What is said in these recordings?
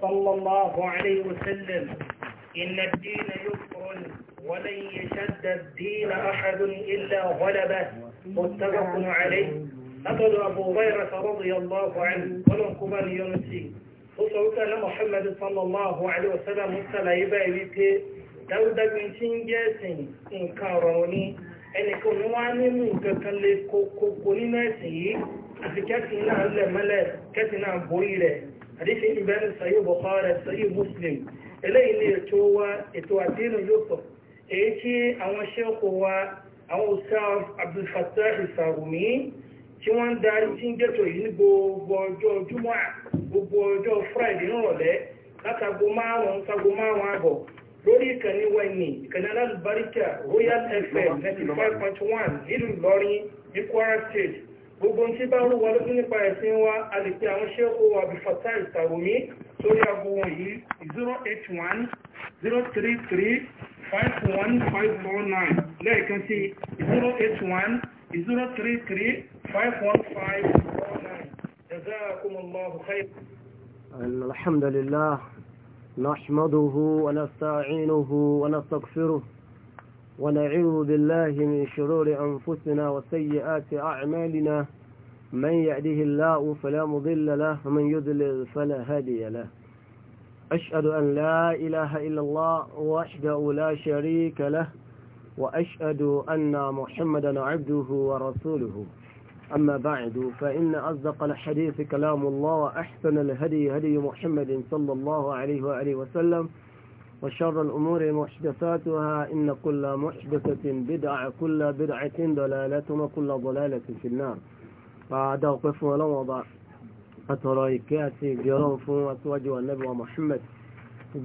صلى الله عليه وسلم إن الدين يفر ولن يشد الدين أحد إلا غلبه متفق عليه أقول أبو هريرة رضي الله عنه ولن قبل يونسي وصوت أن محمد صلى الله عليه وسلم مثل عبادته دودة بن سينجاسين إنكاروني أن يكون واني منك كان لكوكو كوني ناسي أخي كاتنا ألا ملاك كاتنا بويلة àdíṣe ìbẹ̀rẹ̀ sàyí bọ̀kọ́rẹ̀ sàyí muslim eléyìí ni ètò wa ètò àdínú yóò èyí tí àwọn ṣẹ́kù wa àwọn ustaz abdulfatah ìsàrùmí tí wọ́n ń darí tí ń jẹ́tò yìí ní gbogbo ọjọ́ júmọ́ gbogbo ọjọ́ friday nírọ̀lẹ́ látago márùn-ún tago márùn-ún àbọ̀ lórí ìkànnì wẹ̀nyí ìkànnì alábàríkà royal fm ninety nílùú ìlọrin ní kwara state gbogbo tí bá rú wọlé fún nípa ẹ̀sìn wa a lè pe àwọn ṣẹ́kù wa bí fata sórí ago wọn 081 033 51549 lẹ́ẹ̀kan sí 081 033 51549 جزاكم الله خير الحمد لله نحمده ونستعينه ونستغفره ونعوذ بالله من شرور أنفسنا وسيئات أعمالنا من يعده الله فلا مضل له ومن يضلل فلا هادي له أشهد أن لا إله إلا الله وأشهد لا شريك له وأشهد أن محمدا عبده ورسوله أما بعد فإن أصدق الحديث كلام الله وأحسن الهدي هدي محمد صلى الله عليه وآله وسلم وشر الأمور محدثاتها إن كل محدثة بدعة كل بدعة ضلالة وكل ضلالة في النار فهذا وقف ولا وضع أترايكاتي جيران فون أتواجه النبي ومحمد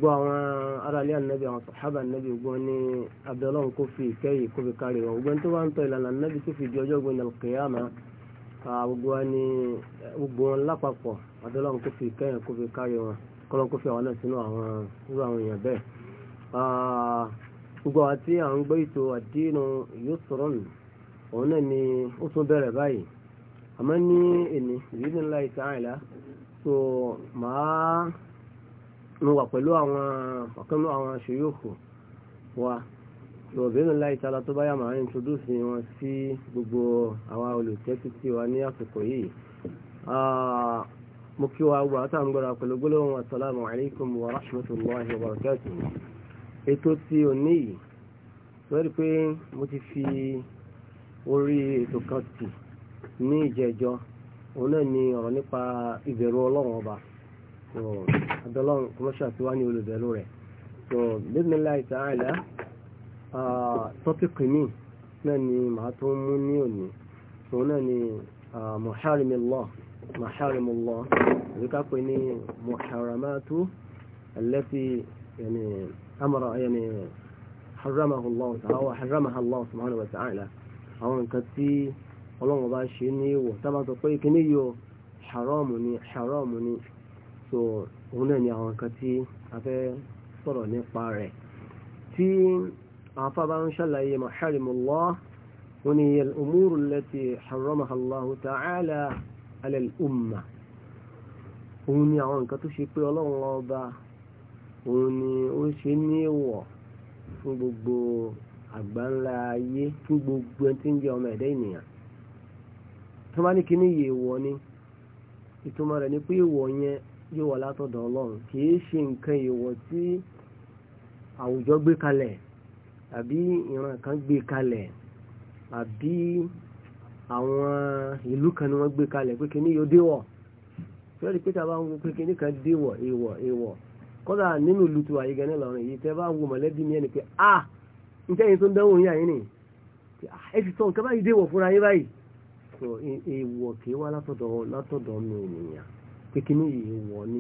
وقوا أرى لي النبي وصحابة النبي وقوني عبد الله كفي كي كفي كاري وقوان طبعا طيلا النبي كفي جوجو من القيامة وقواني وقوان لقاقو عبد الله كفي كي كفي كاري وقوان kọ́lọ́n kó fi àwọn náà sínú àwọn irú àwọn èèyàn bẹ́ẹ̀. gbogbo àwọn tí à ń gbé ètò àdínú yóò sọ̀rọ̀ nù òun náà ni ó tún bẹ̀rẹ̀ báyìí àmọ́ ní èmi ìrírí ńlá ìtààìlá tó máa ń wà pẹ̀lú àwọn ọ̀kan náà àwọn ṣòyókù wa tó ìrírí ńlá ìtààlá tó báyà máa introduce wọn sí gbogbo àwọn olùtẹ́tí wa ní àsìkò yìí mo kí wa gbọ́ àtàwọn gbọ́dọ̀ pẹ̀lú gbólóhùn asalaamu alaykum wa rahmatulahi wa barakatu. ètò tí o ní yìí lórí pé mo ti fi orí ètò kan tì ní ìjẹ́jọ́ òun náà ni ọ̀rọ̀ nípa ìbẹ̀rù ọlọ́run ọba adọ́lọ́run kọmọ́ṣà tí wá ní olùbẹ̀rù rẹ̀ so bismillah ta'ala tọ́pìkì mi náà ni màá tó mú ní òní òun náà ni muharrimillah maharimullah àbí ká pè ní muharamatu allati yani amara yani haramahullah ta'ala haramahallah subhanahu wa ta'ala àwọn nǹkan tí ọlọ́run bá ṣe ní ìwọ̀ tábà sọ pé kí ní haramu ni haramu ni so òun náà ni àwọn nǹkan tí a fẹ́ sọ̀rọ̀ nípa rẹ̀ tí àwọn afábá ń ṣàlàyé maharimullah wọn ni al-umuru allati haramahallahu ta'ala alẹ́ ọmọ òun ni àwọn nǹkan tó ṣe pé ọlọ́run ọba òun ni ó ṣe ní èèwọ̀ fún gbogbo àgbáńlá ayé fún gbogbo ẹni tí ń jẹ́ ọmọ ẹ̀dá ènìyàn tó bá ni ìtumọ̀ rẹ̀ ni pé èèwọ̀ yẹn yóò látọ̀dọ̀ ọlọ́run kì í ṣe nǹkan gbe tí àwùjọ gbé kalẹ̀ àbí ìran kan gbé kalẹ̀ àwọn ìlú kan ni wọ́n gbé kalẹ̀ pé kíní yóò déwọ̀ fẹ́rí pé tàbá wọn kan kọ́dà nínú ìlú lọ́rùn yìí tẹ́ bá wo mọ̀lẹ́bí mi ẹni pé a tó ń dánwò yín ẹ ti sọ nǹkan báyìí fúnra yín báyìí sọ e, kì í wá látọ̀dọ̀ látọ̀dọ̀ ni a kí n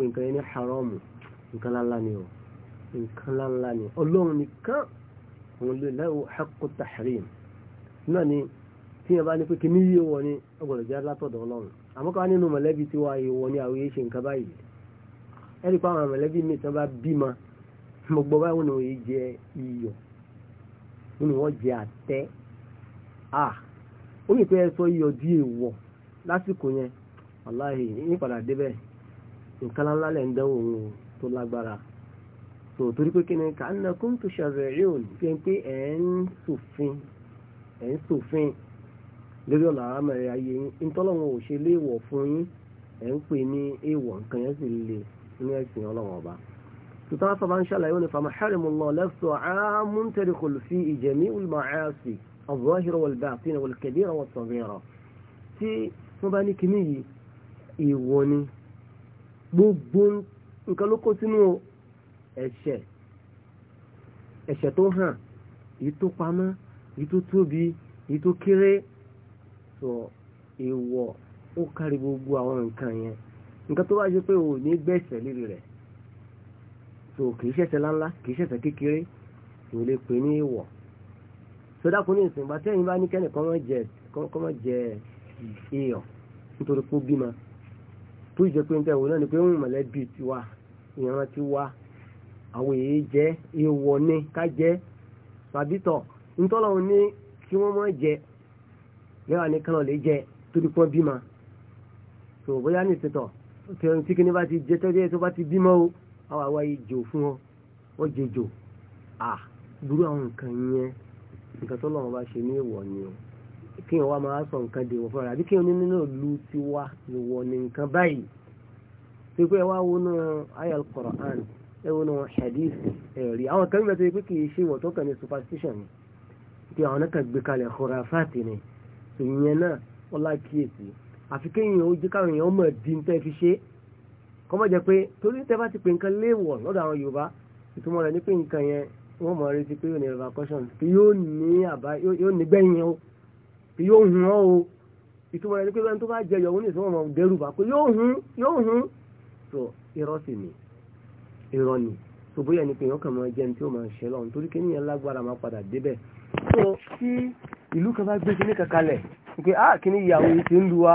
nǹkan yẹn ní tí a bá ní pé kìíní yé wọ ní ọgbọ̀dọ̀ jẹ́ látọ̀dọ̀ ọlọ́run àmọ́ ká nínú mọ̀lẹ́bí tí wàá yé wọ ni àwọn èyí ṣe nǹkan báyìí ẹ̀rí pa àwọn mọ̀lẹ́bí mi tán bá bímọ mo gbọ́ báyìí wọn yìí jẹ iyọ̀ wọn wọ́n jẹ àtẹ́ à ó yìí pé ẹ lásìkò yẹn padà débẹ̀ nǹkan na kó ń tó òní lórí ọ̀la àmàlẹ́ ayé yín ntọ́lọ́wọ́n ò ṣe léèwọ̀ fún yín ẹ̀ ń pè ní èèwọ̀ nǹkan yẹn sì lè ní ẹ̀sìn ọlọ́wọ́n ọba. tuntun afa bá ń ṣàlàyé wọn ni fama harimullah lẹ́sọ̀ àmúntẹ̀rẹ̀ kò fi ìjẹ̀mí ulmaasi ọ̀bọ̀hìrọ̀ wọ̀lbàtìnà wọ̀lkẹ̀dẹ̀rọ̀ wọ̀sọ̀rẹ̀rọ̀ tí wọ́n bá ní kíní yìí ìwọ ni gbogbo nǹkan ló kó sínú ẹ̀ṣẹ̀ ẹ̀ṣẹ̀ tó hàn èyí pamọ́ èyí tóbi èyí kéré so èèwọ̀ ó kárí gbogbo àwọn nǹkan yẹn nǹkan tó wá ṣe pé ò ní gbẹ̀sẹ̀ lérí rẹ̀ so kì í ṣẹ̀ṣẹ̀ láńlá kì í ṣẹ̀ṣẹ̀ kékeré kò lè pè ní èèwọ̀ sọdá kò ní ìsìn bá tẹ́yìn bá ní kẹ́nì kọ́ mọ́ jẹ èèyàn nítorí pé ó bímọ tó jẹ pé níta ìwò náà ni pé ń mọ̀lẹ́bí tiwa ìran tiwa àwọn èyí jẹ́ èèwọ̀ ni ká jẹ́ tàbí tọ̀ ntọ́lọ́run ní kí wọ́n mọ̀ jẹ́ yẹ́wà ní kánà lè jẹ torí pọ́n bímọ tó bóyá ní ìsìtọ̀ tẹ̀rùn tí kìíní bá ti jẹ tọ́jú ẹ̀ tó bá ti bímọ o àwọn àwa ìjò fún ọ wọ́n jẹ jò à burú àwọn nǹkan yẹn nǹkan tó lọ́wọ́ bá ṣe ní ìwọ̀ ni o kí wọ́n wá máa sọ nǹkan dèwọ̀ fúnra àbí kí wọ́n nínú náà lu ti wá ìwọ̀ ni nǹkan báyìí tó pé wá wọnú ayal Qur'an ẹ wọnú hadith ẹ̀rí àwọn kan bẹ̀ tó yẹ pé kì í ṣe ìwọ̀ tó kàn ní superstition ni kí àwọn náà kàn gbé kalẹ̀ khurafati ni ìyẹn náà wọ́n lákìyèsí àfi kéèyàn ó jẹ́ káwọn èèyàn mọ̀ di tẹ́ fi ṣe kọ́ mọ̀ jẹ́ pé torí tẹ́ bá ti pè nǹkan léèwọ̀ lọ́dọ̀ àwọn Yorùbá ìtumọ̀ rẹ̀ ní pé nǹkan yẹn wọ́n mọ̀ retí pé yóò ní repercussion pé yóò ní àbá yóò ní gbẹ̀yìn o pé yóò hun ọ́ o ìtumọ̀ rẹ̀ ní pé bẹ́ẹ̀ tó bá jẹ yọ̀ wọ́n ní ìsọ́wọ́n mọ̀ dẹ́rù bá pé yóò hun yóò hun so irọ́ sì ni irọ́ ni so bóyá ni pé yọ̀ọ́ kàn máa jẹun tí ó máa ìlú kan bá gbé kíní kankalẹ̀ pé á ah, kíní ìyàwó yìí ti ń lu wa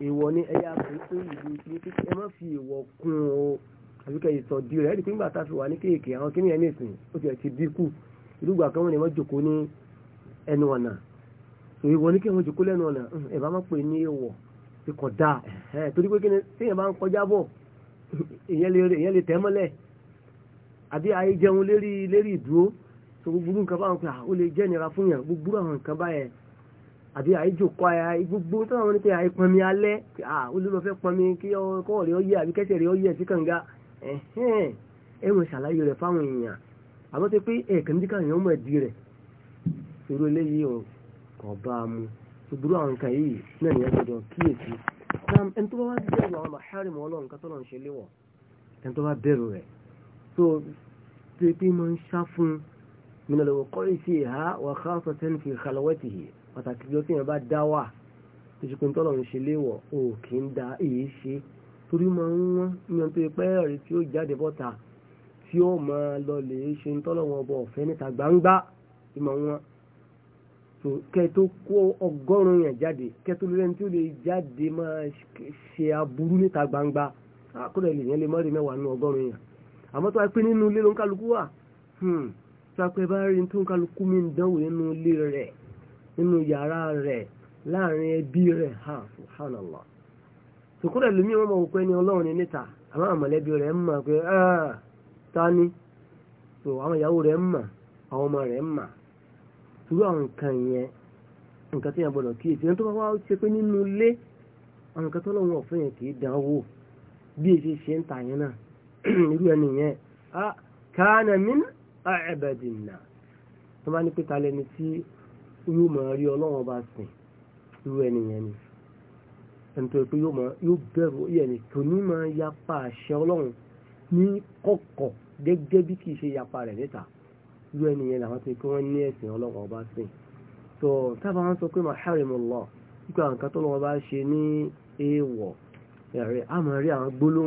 èèwọ̀ ni ẹ̀yà kò tó ìlú ní pé ẹ má fi èèwọ̀ kún o àbí kẹ́ ìsọ̀dí rẹ̀ ẹ̀dí pé nígbà tá a fi wà ní kéèké àwọn kíní yẹn nìsín ó ti ẹ̀ ti dínkù ìlú gbà kan wọn ni wọ́n jòkó ní ẹnu ọ̀nà èèwọ̀ ní kí wọ́n jòkó lẹ́nu ọ̀nà ẹ̀ bá má pè ní èèwọ̀ ti kọ̀ da torí pé kíni téèyàn bá so gbogbo nǹkan báwọn pé ah, ó lè jẹ́ ìnira fún yàn gbogbo àwọn nǹkan báyẹn àbí àìjòkó àyà gbogbo tó àwọn onípe àìpọnmi alẹ́ ah, ó lè lọ fẹ́ pọnmi kí ọkọ̀ rẹ̀ ó yẹ àbí kẹ́sẹ̀ rẹ̀ ó yẹ sí kànga ẹ̀wọ̀n ṣàlàyé rẹ̀ fáwọn èèyàn àmọ́ tó pé ẹ̀ẹ̀kan díkà èèyàn mọ̀ ẹ̀dí rẹ̀ irú eléyìí kò bá a mu gbogbo àwọn nǹkan yìí náà nìyẹn gbọdọ̀ kíyèsí ẹni tó bá bẹ̀rù rẹ̀ tó tó pé máa ń sá fún un من الوقوع فيها وخاصة في خلوته وتكجوتي ما بعد دواء تجيكم طلعوا نشليوا أو كين دا إيشي torí máa ń wọ́n yan tó pẹ́ ẹ̀rí tí ó jáde bọ́ta tí ó máa lọ lè ṣe ń tọ́lọ́wọ́ ọbọ̀ ọ̀fẹ́ níta gbangba tí máa ń wọ́n tó kẹ́ tó kó ọgọ́rùn-ún yẹn jáde kẹ́ tó lórí ẹni tí ó lè jáde máa ṣe aburú níta gbangba kó lè yẹn lè mọ́rin mẹ́wàá nínú ọgọ́rùn-ún yẹn àmọ́ tó wáá pé nínú ilé ló ń kálukú wà hmm, sọpẹ́ bá rí tó ń kálukú mi ń nínú ilé rẹ nínú yàrá rẹ láàrin ẹbí rẹ ha subhanallah lómi ní níta àwọn ń pé so àwọn ìyàwó rẹ̀ ń mọ̀ àwọn ọmọ ń àwọn nǹkan yẹn nǹkan yẹn ẹni tó bá wá ṣe pé nínú ilé àwọn nǹkan tó yẹn kì í dán wò bí èsì ṣe ń yẹn àìbẹ̀dìnà tó bá ní pé ta lẹni tí yóò mọ̀ rí ọlọ́run ọba sìn irú ẹnìyẹn ni ẹni tó pé yóò bẹ̀rù oyè ni kò ní máa yapa àṣẹ ọlọ́run ní kọ̀kọ̀ gẹ́gẹ́ bí kì í ṣe yapa rẹ̀ níta irú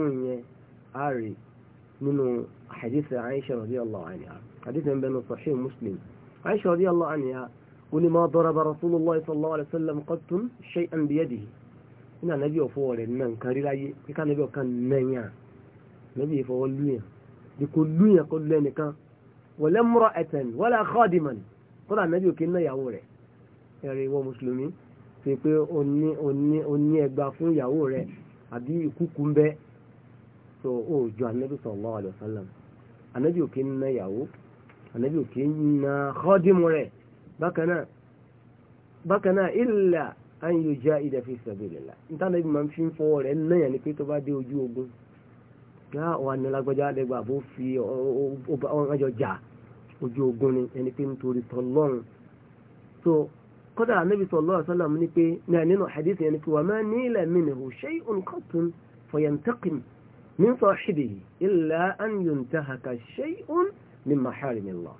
ẹnìyẹn nínú hadith Aisha radiyallahu anha حديثا بين صحيح مسلم عائشة رضي الله عنها قل ما ضرب رسول الله صلى الله عليه وسلم قدتم شيئا بيده إن نبي فوال من كاري لاي كان نبي كان نيا نبي فوال لويا لكل لويا كل لين كان ولا امرأة ولا خادما قل النبي كنا يا وري يا ري هو مسلمين fi pé أني أني o ní o ní ẹgba fún ìyàwó rẹ àbí ìkúkú ń bẹ so ó jọ anabi sallallahu alaihi wasallam anabi òkè ń ná ànábì òkè na kọ́dìmù rẹ̀ bákan náà ìlà an yujahida fi sabilillah níta ànábì máa ń fi fọwọ́ rẹ̀ náà yẹn ni pé tó bá dé ojú ogun gbá wà ní alágbájá lẹ́gbà bó fi ọjọ́ jà ojú ogun ni ẹni pé nítorí tọ́lọ́run so kódà ànábì sallallahu alaihi wasallam ní pé nínú hadith yẹn ni pé wa ma nila minhu shay'un qattun fayantaqim min sahibihi illa an yuntahaka shay'un ní maharimillah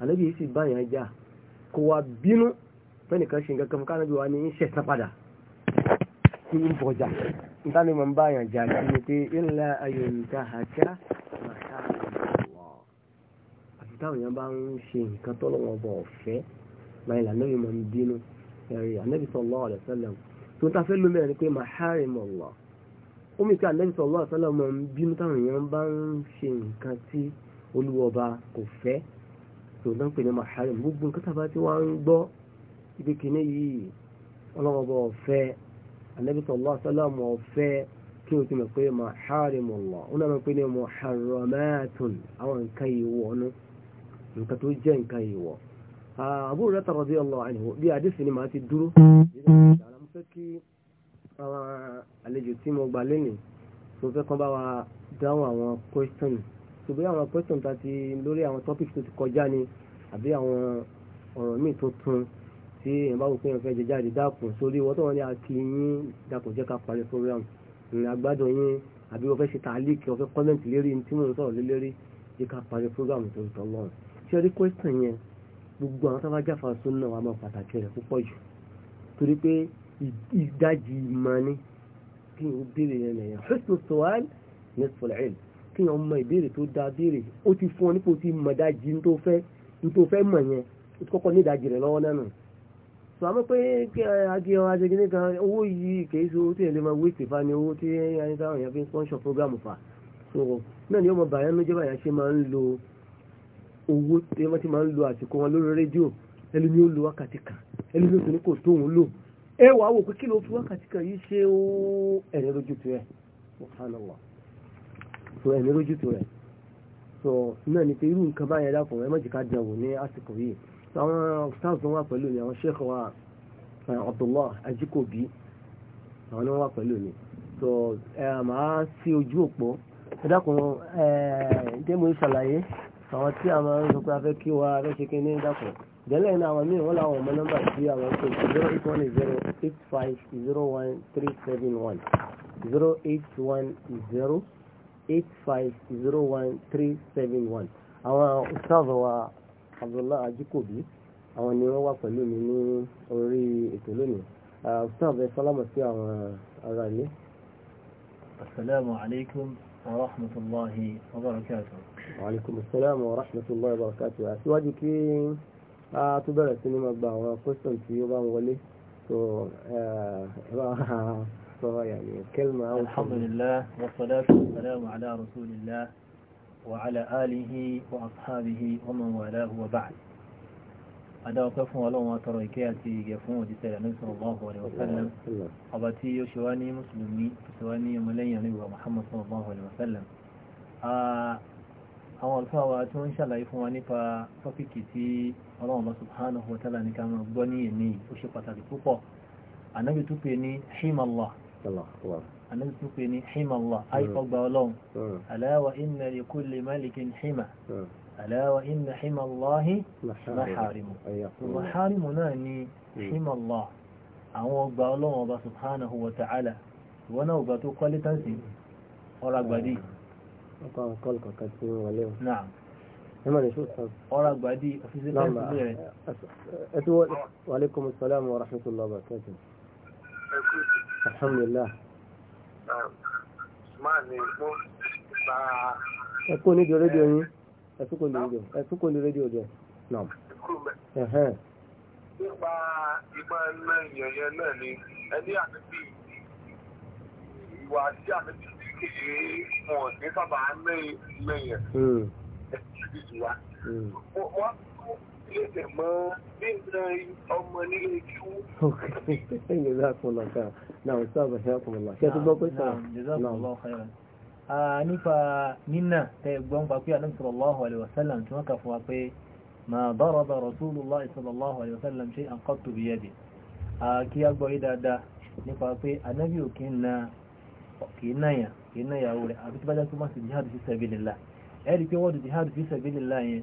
ànábì yìí sì bá yẹn já kò wá bínú fẹ́nìkan ṣe nǹkan kan fún ànábì wa ní iṣẹ́ tán padà kí n bọ̀jà nǹkan ní mọ̀ ń bá yẹn já kí ni pé illa ayọ̀ǹda àjá maharimillah àti táwọn yẹn bá ń ṣe nǹkan tọ́lọ́wọ́n bọ̀ ọ̀fẹ́ láyé lànàbì mọ̀ ń bínú ẹ̀rí ànábì sallallahu alaihi wasallam tó ń tafẹ́ lómi ẹ̀rí pé maharimillah ó mi ká sallallahu alaihi wasallam mọ̀ ń bínú táwọn olúwọba kò fẹ́ tó náà pè ní maharim gbogbo nǹkan tàbá tí wọ́n ń gbọ́ ibi kìíní yìí ọlọ́wọ́ba ọ̀fẹ́ anabi sallallahu alaihi wasallam ọ̀fẹ́ kí o ti mọ̀ pé maharim Allah ó náà mọ̀ pé ní muharramatun àwọn nǹkan ìwọ̀ ọ̀nà nǹkan tó jẹ́ nǹkan ìwọ̀ Abu Hurairah radiyallahu anhu bí adéfì ni màá ti dúró mo fẹ́ àlejò tí mo gbà lónìí mo fẹ́ kán bá wa dáhùn àwọn question so bí àwọn question ta ti lórí àwọn topic tó ti kọjá ni àbí àwọn ọ̀rọ̀ míì tuntun tí ẹ̀ bá wò pé ẹ̀ fẹ́ jẹ jáde dákun sórí wọ́n tó wọ́n ní akíyín dákun jẹ́ ká parí program ìrìn àgbádùn yín àbí wọ́n fẹ́ ṣe tàálíkì wọ́n fẹ́ kọ́mẹ̀ntì lérí tí mò ń sọ̀rọ̀ lé lérí jẹ́ ká parí program tó ń tọ́ lọ́rùn ṣé rí question yẹn gbogbo àwọn tábà jáfa súnà wà máa pàtàkì rẹ̀ púpọ̀ jù torí pé ìdajì ìmọ̀ ni kí n bèrè yẹn nìyẹn husnul su'al nisful ilm kí wọ́n mọ ìbéèrè tó da béèrè ó ti fún ọ nípò tí mọ̀dájì tó fẹ́ tó fẹ́ mọ̀ yẹn ó ti kọ́kọ́ ní ìdajì rẹ̀ lọ́wọ́ náà nù. sọ àmọ́ pé kí agi ọ̀rọ̀ ajẹ́gi nìkan owó yìí kìí ṣe owó tí ẹ̀ lè máa wé tìfa ni owó tí ẹni táwọn èèyàn fi ń sponsor program fà sọ̀rọ̀ náà ni ọmọ bàyá ló jẹ́ bàyá ṣe máa ń lo owó tí wọ́n ti máa ń lo àsìkò wọn lórí rédíò ẹlòmí ó lo wákàtí kan ẹlòmí ó tún ní kò tó òun lò ẹ wàá wò pé kí ló fi wákàtí kan yìí ṣe ó ẹ̀rẹ́ lójú tó ẹ̀ wọ́n fà náà wà so ẹni lójútó rẹ̀ so náà ni pé irú nǹkan báyẹn dàpọ̀ ẹ má jẹ́ ká dànwò ní àsìkò yìí àwọn stars wọn wà pẹ̀lú mi àwọn sheikh wa Abdullah Ajikobi àwọn ni wọn wà pẹ̀lú mi so ẹ máa sí ojú òpó ẹ dákun ẹ ǹjẹ́ mo ṣàlàyé àwọn tí a máa ń sọ pé a fẹ́ kí wa a fẹ́ ṣe kí ní dákun jẹ́lẹ̀ ní àwọn míì wọ́n láwọn ọmọ nọ́mbà sí àwọn tó zero eight one zero eight five zero one three seven one zero eight one zero eight five zero one three seven one àwọn ustaz wa abdullahi ajikobi àwọn ni wọ́n wà pẹ̀lú mi ní orí ètò lónìí ustaz ẹ sálámà sí àwọn ará ilé. asalaamu alaykum wa rahmatulahi wa barakatu. wa alaykum asalaam wa rahmatulahi wa barakatu. àtiwájú kí a tún bẹ̀rẹ̀ sí ni máa gba àwọn question so ẹ bá نصها يعني كلمة الحمد لله والصلاة والسلام على رسول الله وعلى آله وأصحابه ومن والاه وبعد adáwọ̀ pẹ́ fún ọlọ́run atọrọ ìkẹ́ àti ìgẹ̀ fún òjíṣẹ́ rẹ̀ ní sallallahu alaihi wasallam ọba tí ó ṣe wá ní mùsùlùmí tó ṣe wá ní ọmọlẹ́yìn àríwá Muhammad sallallahu alaihi wasallam àwọn àlùfáà wa tí wọ́n ń ṣàlàyé fún wa nípa tọ́pìkì tí ọlọ́run bá subhanahu wa ta'ala ní ká máa gbọ́ ní èmi ó ṣe pàtàkì púpọ̀ ànábì tó pè ní himallah ànábì tún pè ní hima Allah hmm. àìfọgbà ọlọ́run aláwa hmm. inna li kulli malikin hima aláwa hmm. inna hima Allahi maharimu maharimu náà ni hima Allah àwọn ọgbà ọlọ́run ọba subhanahu wa ta'ala ìwọ náà ọgbà tó kọ́lé tán sí ọ̀rọ̀ àgbàdì ọ̀rọ̀ rẹ̀. ẹ̀tí alhamdulillah. ẹ kú nídìí rédíò yín ẹ tún kò ní rédíò ẹ tún kò ní rédíò jẹ nípa ìmọ̀ ẹ̀nà ìyẹ̀yẹ náà ni ẹni àtẹ́bí ìwà sí àtẹ́bí kékeré wọn ní sábà mẹ́yìn mẹ́yìn ẹ̀ hmm. ẹ̀ ti di wa lẹ́sẹ̀ mọ́ bíbá ọmọ nílé kíwú. ok ẹ̀yìn ìlú àkùnlọ̀ ká náà ìṣe àbẹ̀ṣẹ́ àkùnlọ̀ náà ṣe tó gbọ́ pé sọ̀rọ̀ nípa nínà tẹ gbọ́n pa pé àdúgbò sallallahu alaihi wasallam tí wọ́n kà fún wa pé ma daraba rasulullah sallallahu alaihi wasallam shay'an qattu biyadi kí a gbọ́ yìí dáadáa nípa pé anábì ò kí na kì í náyà kì í náyàwó rẹ̀ àbí tí bá jẹ́ pé má sì jihad fi sabilillah ẹ̀rí pé wọ́n di jihad fi sabilillah yẹn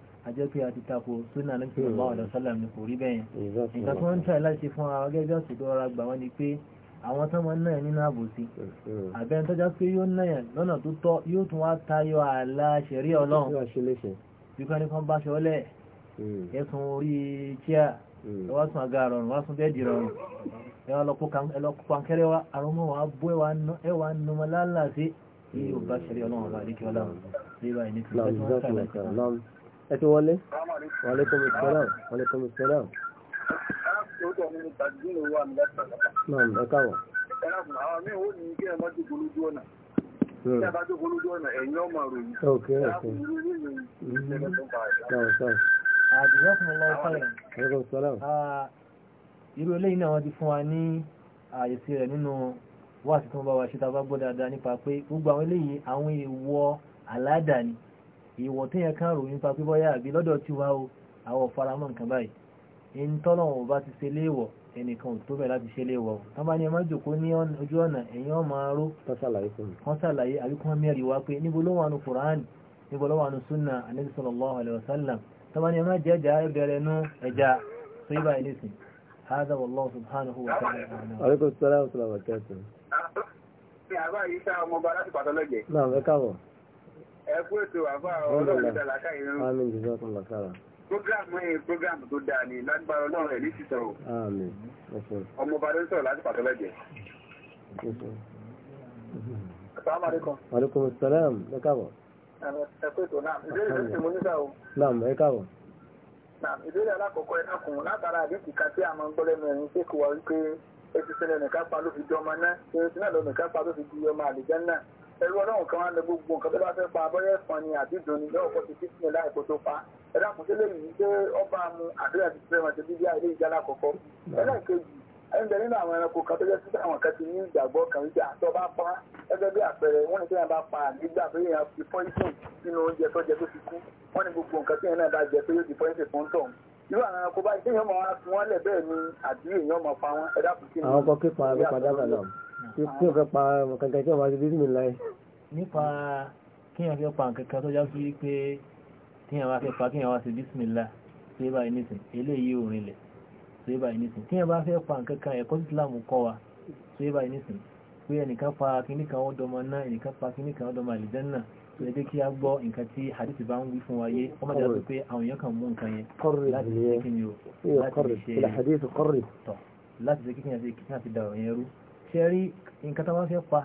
àjẹ́ pé a ti tako súnà ní pé ọba ọ̀dọ̀ sálàm ni kò rí bẹ́ẹ̀ yẹn nǹkan tó ń tà láti fún ara gẹ́gẹ́ bí ọ̀sùn tó rọra gbà wọ́n ni pé àwọn tó máa ń náà nínú àbòsí mm-hmm. àbẹ́ni tó já pé yóò náà lọ́nà tó tọ́ yóò tún wá tayọ ààlà ṣẹ̀rí ọlọ́run bíkọ́ ní kan bá ṣọ lẹ̀ mm-hmm. ẹ̀sùn orí chia mm-hmm. ẹ wá sùn àga rọrùn wá sùn bẹ́ẹ̀dì rọrùn ẹ wá lọ kó pankẹ́rẹ́ wa àrùnmọ́ wa bó ẹ wà nọmọ lálàá sí yóò bá ṣẹ̀rí ọlọ́run wà ní kí ọlọ́run ẹ ti wọlé wàlékùn ìsẹ́lá wàlékùn ìsẹ́lá. Naam, ẹ káwọ̀. Hmm. Ok, ok. Hmm. Ah, irú eléyìí náà wọ́n ti fún wa ní àyèsí rẹ̀ nínú wáàsí tó ń bá wa ṣe tá a bá gbọ́ dáadáa nípa pé gbogbo àwọn eléyìí àwọn èèwọ̀ aládàáni ìwọ̀ tí yẹn kán ròyìn pa pé bọ́yá àbí lọ́dọ̀ tí wá o àwọn faramọ́ nǹkan báyìí ẹni tọ́lọ́wọ̀n bá ti ṣe léèwọ̀ ẹnìkan ò tó bẹ̀ láti ṣe léèwọ̀ o tán bá ní ẹ má jòkó ní ojú ọ̀nà ẹ̀yìn ọmọ aró kan ṣàlàyé àbí kan mẹ́rin wá pé níbo ló wà nù Kùránì níbo ló wà nù súnà Ànábì sallallahu alaihi wasallam tán bá هذا والله سبحانه وتعالى عليكم السلام الله وبركاته. نعم ẹ ẹkú ètò àfà ọlọ́run ìdàlàkà ìrìn. àmín program yìí program tó dáa ni lágbára ọlọ́run ẹ̀ ní o. sọ̀rọ̀ láti pàtó lẹ́jẹ̀. Assalamu alaikum. Wa alaikum assalam. Ẹ káàbọ̀. Ẹkú ètò náà. Ìbéèrè ló ti mú nígbà o. Naam, ẹ káàbọ̀. Naam, ìbéèrè alákọ̀ọ́kọ́ ẹ dákun látara àdéhùn kan tí a ẹ̀rú ọlọ́run kan wọn lọ gbogbo nǹkan tó bá fẹ́ pa abọ́yẹ́ kan ni àdídùn ni lọ́wọ́ kọ́ ti fi sílẹ̀ láìpò tó pa ẹ̀dá kò tó léyìí pé ọba mu àdúrà ti fẹ́ wọn ti bí ilé ìjálá kọ̀ọ̀kọ́ ẹlẹ́ẹ̀kejì ẹ̀ńdẹ̀ nínú àwọn ẹranko kan tó jẹ́ síta àwọn kan ti ní ìgbàgbọ́ kan wípé àtọ́ bá pa ẹgbẹ́ bí àpẹẹrẹ wọ́n ní kí wọ́n bá pa nígbà pé èèyàn fi pọ́ńtìn sínú oúnjẹ tó jẹ tó ti kú wọ́n ní gbogbo nǹkan tí èèyàn náà bá jẹ pé yóò di pọ́ńtìn fún tọ̀hún irú àwọn ẹranko báyìí tí èèyàn máa fi wọ́n lẹ̀ bẹ́ẹ̀ ni àbí èèyàn máa pa wọ́n ẹ̀dá kùtì ní. àwọn kan kíkan agbẹ́padà tí kí ọ̀fẹ́ pa kankan tí ọmọ ti bísí mi láyé. nípa kí ọ̀fẹ́ pa kankan tó já sí pé kí ọ̀fẹ́ fẹ́ pa kí ọ̀fẹ́ ti bísí mi lá ṣé báyìí nìsín eléyìí ò rinlẹ̀ ṣé báyìí nìsín kí ọ̀fẹ́ fẹ́ pa kankan ẹ̀kọ́ Islam kọ́ wa ṣé báyìí nìsín pé ẹnìkan pa kíní kan ọ̀dọ́ ọmọ náà ẹnìkan pa kíní kan ọ̀dọ́ ọmọ àlìjẹ́nà tó yẹ kí a gbọ́ nǹkan tí hadith bá ń ṣẹ́rí nǹkan tó bá fẹ́ pa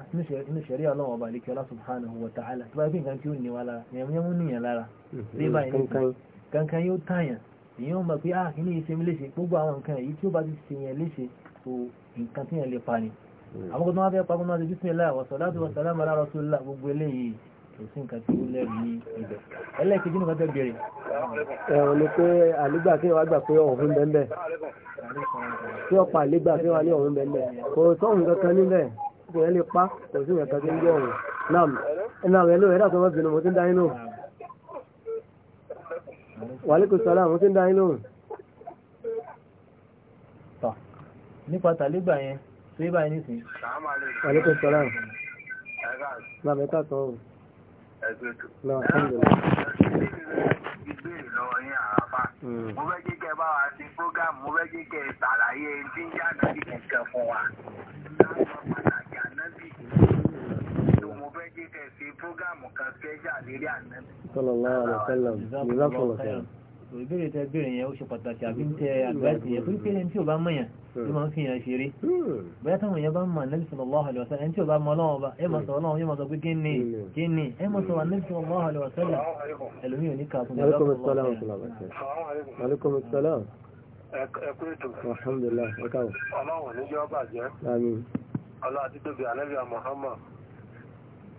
inú ṣẹ̀rí ọlọ́run ọba àlekí ọlá subhanahu wa ta'ala tó bá gbé nǹkan tí ó ní wa lára mm-hmm. yẹn yẹn mú nìyẹn lára bí báyìí nìkan kankan yóò tààyàn èèyàn mọ̀ pé ah kìíní ìṣe mi léṣe gbogbo àwọn nǹkan yìí tí ó bá ti ṣe yẹn léṣe tó nǹkan tí yẹn lè pa ni mm. àwọn kan kò sí nǹkan tí ó lẹ́rìí ní ibẹ̀ ẹlẹ́ẹ̀kejì nìkan tẹ́ bẹ̀rẹ̀. ẹ̀rùn ni pé àlégbà kí wọ́n gbà pé ọ̀hún bẹ́ẹ̀ tí ọ̀pá àlégbà kí wọ́n ní ọ̀hún bẹ́ẹ̀ kò sọ́hun kankan níbẹ̀ kò yẹn lè pa kò sí nǹkan tí ń gbọ́ ọ̀hún nam ẹ̀nà àwọn ẹlò ẹ̀dà tó wọ́n bínú mo ti ń dá yín lóhùn. wàlékù sọlá tán o ìbéèrè lọ́wọ́ yín àràfà mo fẹ́ jẹ́ kẹ́ bá wa sí program mo fẹ́ jẹ́ kẹ́ ṣàlàyé tí ń yá nàbí kankan fún wa láwọn pàtàkì ànábì mo fẹ́ jẹ́ kẹ́ sí program kan special lérí ànábì tó ìbéèrè tẹ béèrè yẹn ó ṣe pàtàkì àbí tẹ àdúrásì yẹn torí pé ẹni tí ò bá mọ̀ yàn ló hmm. máa ń fi yàn ṣeré hmm. bóyá táwọn èèyàn bá mọ̀ Ànábì sallallahu alaihi wasallam ẹni tí ò bá mọ̀ Ọlọ́run bá ẹ máa sọ Ọlọ́run yóò máa sọ pé kí ni hmm. kí ni ẹ máa sọ Ànábì sallallahu alaihi wasallam ẹlòmíì ò ní kà fún mi lọ́kọ̀ọ́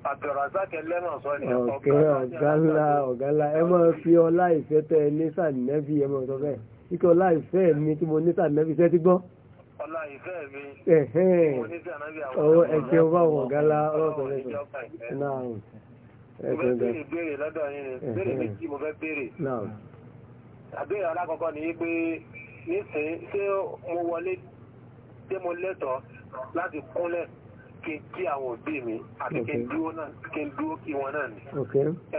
ọ̀kẹ́ ọ̀gánlá ọ̀gánlá ẹ máa fi ọlá ìfẹ́ tẹ nísà nẹ́bí ẹ máa sọ bẹ́ẹ̀ kíkọ́ ọlá ìfẹ́ mi tí mo nísà nẹ́bí ṣẹ́ ti gbọ́. ọlá ìfẹ́ mi mo nísà nẹ́bí àwọn ọmọ ẹ̀kẹ́ ọba àwọn ọ̀gánlá ọlọ́sọ̀rọ̀ náà ẹ̀kẹ́ ọba. ìbéèrè lọ́dọ̀ yín ni béèrè méjì mo fẹ́ béèrè. àbẹ́rẹ́ alákọ̀ọ́kọ́ ni pé nísìnyí ṣé mo wọlé ṣé mo lẹ́tọ̀ọ́ láti kúnlẹ̀ kí n tí àwọn òbí mi àti kí n dúró náà kí n dúró kí wọn náà ni.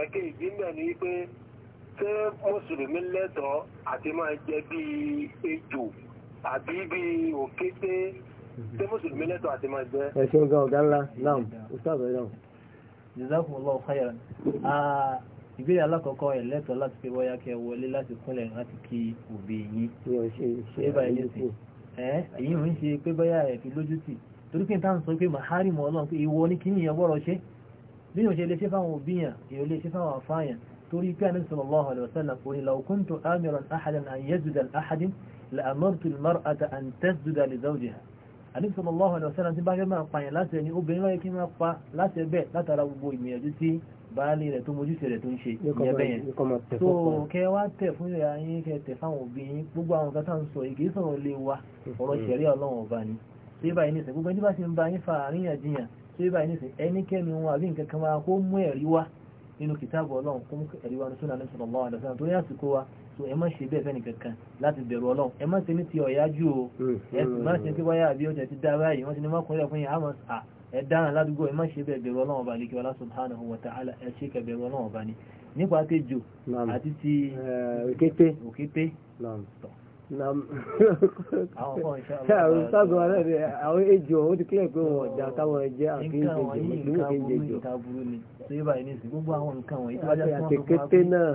ẹ̀kẹ́ ìdí ń bẹ̀ ni pé ṣé mùsùlùmí lẹ́tọ̀ọ́ àti máa jẹ bíi ejò àbí bíi òkété ṣé mm-hmm. mùsùlùmí lẹ́tọ̀ọ́ àti máa jẹ. ẹ ṣeun gan ọ̀gá ńlá naam ustaz ẹ̀ náà. jazakumullahu khairan ìbéèrè alákọ̀ọ́kọ́ ẹ̀ lẹ́tọ̀ọ́ láti fi wáyà kẹ wọlé láti kúnlẹ̀ láti kí òbí yín. ṣé báyìí ní sè é èyí ò ń ṣe pé báyà ẹ̀ fi lójú tì torí pé táwọn sọ pé mahari mọ̀ ọlọ́run pé ìwọ ní kíní yẹn gbọ́rọ̀ ṣe bí yóò ṣe lè ṣe fáwọn òbí yàn èyí lè ṣe fáwọn àfáàyàn torí pé ànábì sallallahu alaihi wasallam kò ní law kuntu amiran ahadan an yasjuda ahadin la marata an tasjuda lè wa tó yẹ báyìí nìsẹ̀ gbogbo ẹni bá ti ń bá yín fa àríyànjiyàn tó yẹ báyìí nìsẹ̀ ẹnikẹ́ni wọn àbí nǹkan kan máa kó mú ẹ̀rí wá nínú kìtàbù ọlọ́run kó mú ẹ̀rí wá ní súnà ní sọ̀rọ̀ lọ́wọ́ àdàsán tó yà sùkó wa so ẹ má ṣe bẹ́ẹ̀ fẹ́ nìkankan láti bẹ̀rù ọlọ́run ẹ má ṣe ní ti ọ̀yá jù o ẹ má ṣe pé wáyà àbí ọjà ti dá báyìí wọ́n ti ní má kúnlẹ̀ fún yín àmọ́ ẹ dáràn ládùúgbò ẹ má ṣe bẹ́ẹ̀ bẹ̀rù ọlọ́run ọba àlekí ọlá subhanahu wa ta'ala ẹ ṣe kẹ bẹ̀rù ọlọ́run ọba ni nípa tẹjọ àti ti òkété àwọn èjì ọ̀hún ti kílẹ̀ pé wọ́n ọ̀dà táwọn ẹ̀jẹ̀ àkéjèjì lóògùn kéjèjì. àtẹ̀kété náà.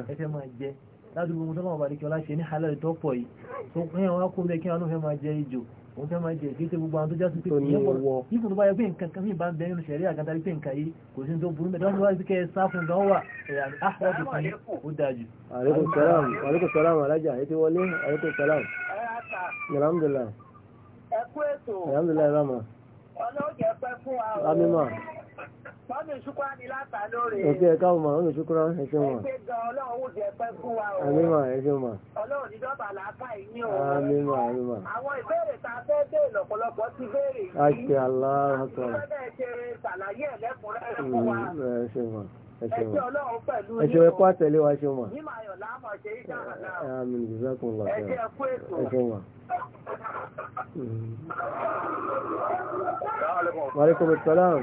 ládùúgbò ohun tó máa bá ní kí ọlá ṣe ní halal tó pọ̀ yìí tó ń yàn wá kó lẹ́kí àwọn ọ̀nà fẹ́ máa jẹ ejò wọ́n fẹ́ máa jẹ kí ṣe gbogbo àwọn tó jásí pé kò ní wọ ipò tó bá yẹ pé nǹkan kan mìíràn bá ń bẹ nínú ṣẹ̀rí àgàtàrí pé nǹkan yìí kò sí tó burú mẹ́ta wọ́n wá sí kẹ́ ẹ sá gan wà ẹ̀yà ah, fún ó dáa jù. àlékún alájà ètò wọlé àlékún sàlámù. alhamdulilayi. alhamdulilayi rama. ọlọ́jẹ́ pẹ́ fún wa. Òkè ẹ̀ká ọmọ ọmọ ìṣúkúrá ẹ̀ṣẹ́ wọn. Àmìmọ̀ ẹ̀ṣẹ́ wọn. Ọlọ́run ní dọ́bà láàpá ìní ọ̀rọ̀. Àmìmọ̀ àmìmọ̀. Àwọn ìbéèrè ta fẹ́ bèèrè lọ́pọ̀lọpọ̀ ti bèèrè yìí. Àṣẹ aláàtọ̀. Ẹ̀ṣẹ́ wọn. Ẹ̀ṣẹ́ wọn. Ẹ̀ṣẹ́ wọn kó àtẹ̀lé wa ṣe wọn. Àmì ìjọsákun lọ. Ẹ̀ṣẹ́ wọn. Wa alaikum assalam.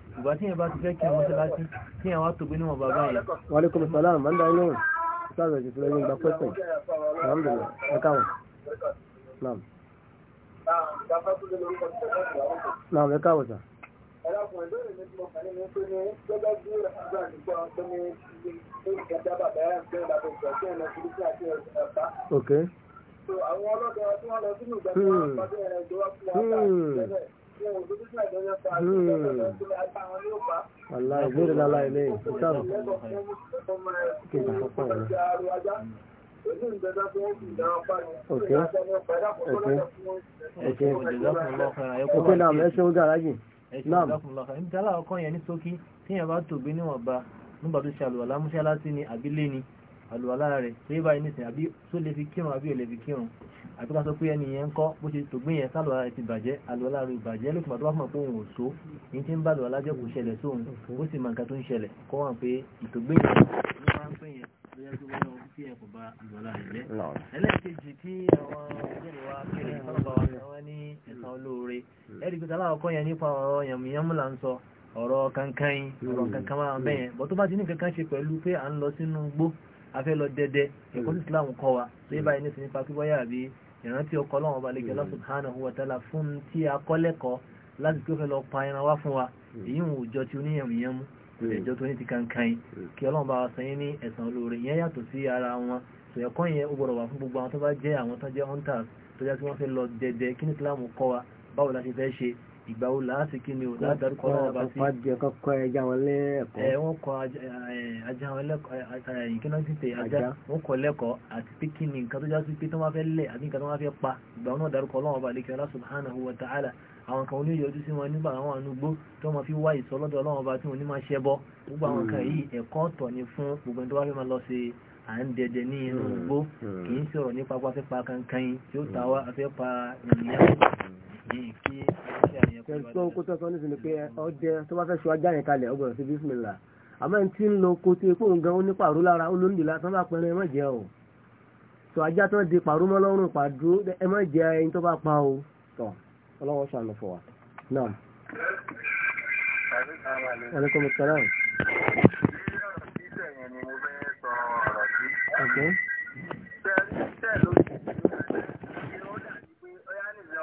ìgbà tí yẹn bá ti fẹ́ kí àwọn mọ́sálásí kí yẹn wá tóbi níwọ̀n bàbá yẹn. wàlẹ́kùn sàlám máa ń dá inú sáàbẹ̀ jù fún ẹgbẹ́ pẹ́pẹ́ alhamdulilah ẹ káwọn naam. naam ẹ káwọn sà. ok. Hmm. Hmm. Wàláì ìbéèrè lálá ilé ìsáàrù kí n kò pọ̀ rẹ̀. Òkè òkè òkè òkè náà ẹṣẹ́ ó dára jì. Náà. Ìdálà yẹn ní sókí tí yẹn bá tògbé níwọ̀nba nígbà tó ṣe àlùwàlá múṣẹ́ láti ní àbílé ni àlùwàlá rẹ̀ tó yẹ báyìí nìsín àbí tó lè fi kírun àbí ò lè fi kírun àti ká sọ pé ẹni yẹn ń kọ́ bó ṣe tògbé yẹn sálọ ara ti bàjẹ́ àlùwàlá rẹ̀ ìbàjẹ́ ló fìgbà tó bá fún ọ pé òun ò so yìí ti ń bá àlùwàlá jẹ́ kò ṣẹlẹ̀ sóhun ó sì mọ nǹkan tó ń ṣẹlẹ̀ kọ́ wọn pé ìtògbé yẹn ló máa ń pè yẹn lóyá tó wọ́n fi ẹ̀kọ́ bá àlùwàlá rẹ̀ jẹ́. ẹlẹ́ẹ̀kejì tí àwọn ọ̀gbẹ́ni wa kéré ọlọ́pàá wa ní ẹ̀sán olóore ẹ̀rí pé tàbá àkọ́ yẹn nípa ọ̀rọ̀ yàmùyàmù là ń sọ ọ̀rọ̀ kankan yìí ọ̀rọ̀ kankan máa bẹ̀yẹn bọ́ tó bá ti ní kankan ṣe pẹ̀lú pé à ń lọ sínú gbó afẹ́ lọ dẹ́dẹ́ hmm. ẹ̀kọ́ Islam kọ́ wa tó yẹ hmm. báyìí nísìnyí pa kíkọ́ yàrá bí ìrántí ọkọ̀ ọlọ́run ọba lè jẹ́ hmm. Allah subhanahu wa ta'ala fún tí a kọ́ lẹ́kọ̀ọ́ láti pé ó fẹ́ lọ pa ẹran wá fún wa èyí ń òòjọ́ tí oníyẹ̀mú yẹn mú ìjọ tó ní ti kankan yìí kí ọlọ́run bá wa san yín ní ìgbà wo láti kí ni ò ládàrúkọ náà bá sí. wọ́n jẹ kọ́kọ́ ẹja wọn lẹ́ẹ̀kọ́. ẹ wọ́n kọ ajá wọn lẹ́kọ̀ọ́ ìkíná sí tẹ ajá wọ́n kọ lẹ́kọ̀ọ́ àti pé kí ni nǹkan tó já sí pé tó máa fẹ́ lẹ̀ àti nǹkan tó máa fẹ́ pa ìgbà wọn náà dárúkọ Ọlọ́run ọba àlekẹ́ Allah subhanahu wa ta'ala àwọn kan oníyọ ojú sí wọn nígbà àwọn ànúgbó tó máa fi wá ìsọlọ́dọ̀ Ọlọ́run ọba tí wọn ní máa ṣẹ́ bọ́ gbogbo àwọn kan yìí ẹ̀kọ́ ọ̀tọ̀ ni fún gbogbo ẹni tó fẹ́ máa lọ sí à ń dẹdẹ ní inú gbó hmm. hmm. kì í sọ̀rọ̀ nípa pàfẹ́ pa kankan tí ó ta wá afẹ́ pa ènìyàn kẹsàn-án kó tọ́sán ní sinmi pé ọjẹ́ tó bá fẹ́ ṣọ ajá yẹn kalẹ̀ ọgbọ̀n sí bísímìlà àmọ́ ẹni tí ń lo kote fóun gan ó ní pàró lára olóńdè lásán bá pẹ̀rẹ̀ ẹ má jẹ́ o tó ajá tó di pàró mọ́ lọ́rùn pàdó ẹ má jẹ́ ẹni tó bá pa o tọ̀ ọlọ́wọ́ ṣàánú fún wa náà. aleykum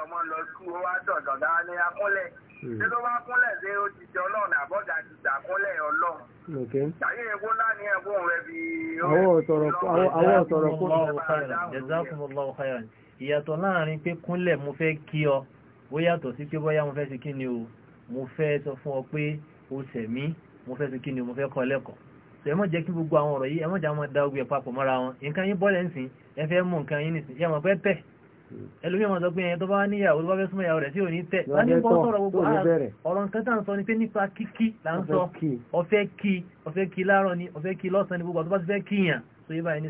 ọmọ lọ sí owó àtọ̀dọ̀ dáa ní akúnlẹ̀ hmm. tí ló bá kúnlẹ̀ sí ó ọlọ́run àbọ̀dà ti dà kúnlẹ̀ ọlọ́run. ṣàyè ewu ńlá ẹ̀gbọ́n rẹ̀ fi. àwọn ọ̀tọ̀rọ̀ kó jazakumullahu khairan ìyàtọ̀ láàrin pé kúnlẹ̀ mo fẹ́ kí ọ ó yàtọ̀ sí pé bóyá mo fẹ́ ṣe kí ni o mo fẹ́ sọ fún ọ pé o ṣẹ̀mí mo fẹ́ ṣe kí ni o mo fẹ́ kọ́ lẹ́kọ̀ọ́ ẹ mọ̀ jẹ́ kí gbogbo àwọn ọ̀rọ̀ yìí ẹ mọ̀ jẹ́ àwọn da ogun ẹ̀ papọ̀ mọ́ra wọn nǹkan yín bọ́ọ̀lù ẹ̀ ń sìn ẹ fẹ́ mú nǹkan yín nìsín ẹ mọ̀ pẹ́ pẹ́ ẹlòmí ọmọ sọ pé ẹni tó bá níyàwó bá fẹ́ súnmọ́ ìyàwó rẹ̀ tí ò ní tẹ́ wọ́n ní bọ́ sọ̀rọ̀ gbogbo ọ̀rọ̀ nǹkan tá à ń sọ ni pé nípa kíkí là ń sọ ọ̀fẹ́ kí ọ̀fẹ́ kí láàárọ̀ ni ọ̀fẹ́ kí lọ́sàn ni gbogbo àti bá ti tí à ní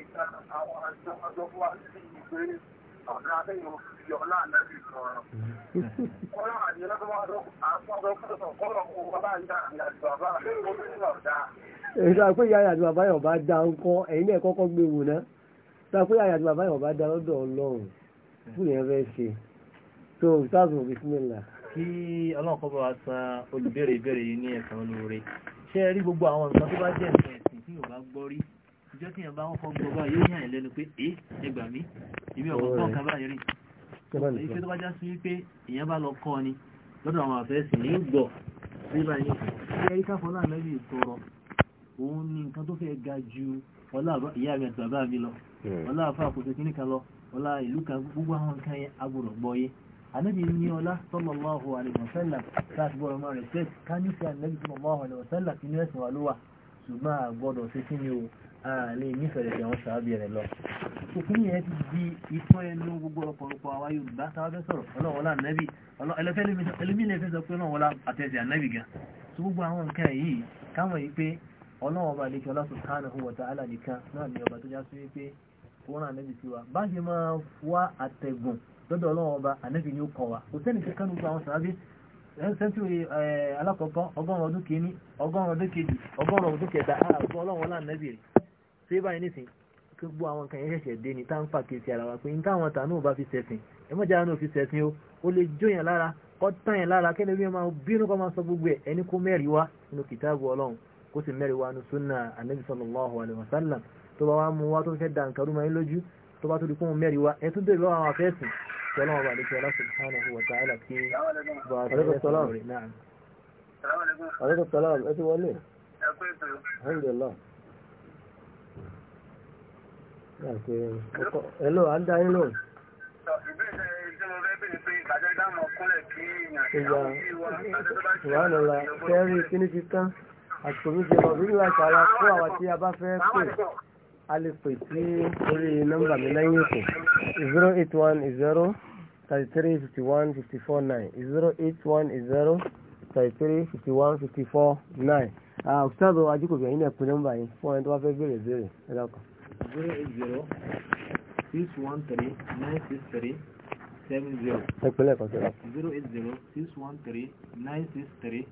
ìta àwọn àjọ ọjọ́ fún ìgbèrè ọ̀nà abẹ́yìn yọ láàánà sí ọ̀rọ̀. Ọlọ́run àti ọlọ́gbọ́n àpọ̀dọ̀ fọ́sọ̀ kọ́lọ̀ kó wọ́n bá ń dá àyàjọ àbá àbẹ́yìn olóyìn ọ̀dá. Èyí àpé ìyá àyàjọ bàbá yọ̀ bá dá ń kọ́ ẹ̀yìn náà kọ́kọ́ gbé wò ná. Sàpé àyàjọ bàbá yọ̀ bá dá lọ́dọ̀ Ọlọ́run fún yẹn fẹ́ ṣe. So ìtàkùn bisimilà. Kí Ọlọ́run kọ́ bá wa san olùbéèrè ìbéèrè yìí ní ẹ̀sán olóore. Ṣé rí gbogbo àwọn nǹkan tó bá jẹ́ ẹ̀sìn ẹ̀sìn tí yóò bá gbọ́ rí ìjọ́ kí èèyàn bá wọ́n fọ́gbọ́ bá yóò yàn lẹ́nu pé èé ẹgbà mí ibi ọ̀rọ̀ gbọ́n kan báyìí rí ìfẹ́ tó bá já sí wípé èèyàn bá lọ kọ́ ni lọ́dọ̀ àwọn àfẹ́sì ní gbọ̀ sí báyìí ṣé ẹ̀rí káfọ́ náà lẹ́bí ìtọrọ òun ni nǹkan tó fẹ́ ga ju ọlá ìyá mi àti bàbá mi lọ hmm. ọlá àfa àkóso kíní kan lọ ọlá ìlú kan gbogbo àwọn nǹkan yẹn agbọ̀rọ̀ gbọ́ yé anabi ní ọlá sallallahu alaihi wasallam láti gbọ́dọ̀ mọ́ respect ká nífẹ̀ẹ́ anabi sallallahu alaihi wasallam inú ẹ̀sìn wà ṣùgbọ́n àgbọ́dọ̀ ṣe kí ni o ààlè nífẹ̀ẹ́ rẹ̀ wọ́n ṣàábì rẹ̀ lọ. òfin yẹn ti di ìtọ́ ẹnu gbogbo ọ̀pọ̀lọpọ̀ àwa Yorùbá táwa fẹ́ sọ̀rọ̀ ọlọ́wọ́lá nẹ́bì ẹlẹ́fẹ́lẹ́mílẹ̀ fẹ́ sọ pé ọlọ́wọ́lá àtẹ̀sẹ̀ ànẹ́bì gan. tó gbogbo àwọn nǹkan yìí káwọn yìí pé ọlọ́wọ́ bá lè kí ọlá subhanahu wa ta'ala nìkan náà ní ọba tó já sí wípé wọ́n rán ànẹ́bì sí wa bá ṣe máa wá àtẹ̀gùn lọ́dọ̀ ọlọ́wọ́ bá ni ó kọ̀ wa kò sẹ́ni kankan nípa àwọn sàábì sẹ́ńtúrì alákọ̀ọ́kọ́ ọgọ́rùn-ún ọdún kìíní ọgọ́rùn-ún ọdún kejì ọgọ́rùn-ún ọdún kẹta àgbọ̀ ọlọ́run ọlá nẹ́bì rẹ̀ ṣé báyìí nìsín gbogbo àwọn nǹkan yẹn ṣẹ̀ṣẹ̀ dé ní tá ń fà kéèsì ara wa pé ní táwọn tà náà bá fi ṣẹ̀sìn ẹ mọ̀jà ara náà fi ṣẹ̀sìn o ó lè jó yẹn lára kọ́ tán yẹn lára kẹ́ni bí máa bínú kọ́ máa sọ gbogbo ẹ̀ ẹni kó mẹ́rin wá nínú kìtáàbù ọlọ́run kó sì mẹ́rin wá nínú súnà anabi sallallahu alaihi wasallam, sallam tó bá wá mú wá tó fẹ́ da nǹkan rú mọ́ ẹ lójú tó bá tó di kó mẹ́rin wá ẹ tún dé lọ́wọ́ àwọn afẹ́sìn sọlọ́wọ́ bá lẹ́kẹ́ ọlá subhanahu wa ta'ala kí bá a tẹ́lẹ̀ sọlọ́wọ́ rẹ̀ náà. aleykum salaam ẹ ti wọlé. alhamdulilah. hello à ń da yín lò. ìbéèrè tí mo fẹ́ bèrè pé ìgbàjọ́ dáhùn ọkùnrin kí ìyàtọ̀ àwọn ìwà àti àtẹ̀síwájú àti kìnìkì kan àtòmíjẹ ọ̀rọ̀ nígbà tí a bá fẹ́ pè a lè pè sí orí nọ́mbà mi lẹ́yìn ètò zero eight one zero thirty three fifty one fifty four nine zero eight one zero thirty three fifty one fifty four nine ọ̀sítàbí ajíkòbí ẹ̀yìn ẹ̀pẹ́ nọ́mbà yìí fún ẹni tó bá fẹ́ béèrè béèrè ẹ dákun. zero eight zero six one three nine six three seven zero. ẹ pẹ̀lẹ́ kọsẹ. zero eight zero six one three nine six three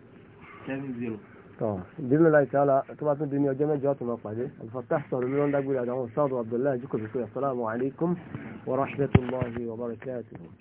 seven zero tọ́ ìdílé láì tí ala tó bá tún di ní ọjọ́ mẹ́jọ tó máa pàdé alifata sọ̀rọ̀ ló ń dágbére àdáwọn sáàdù abdullahi ajíkòbí pé asalaamu alaykum wa rahmatulahi wa barakatuhu.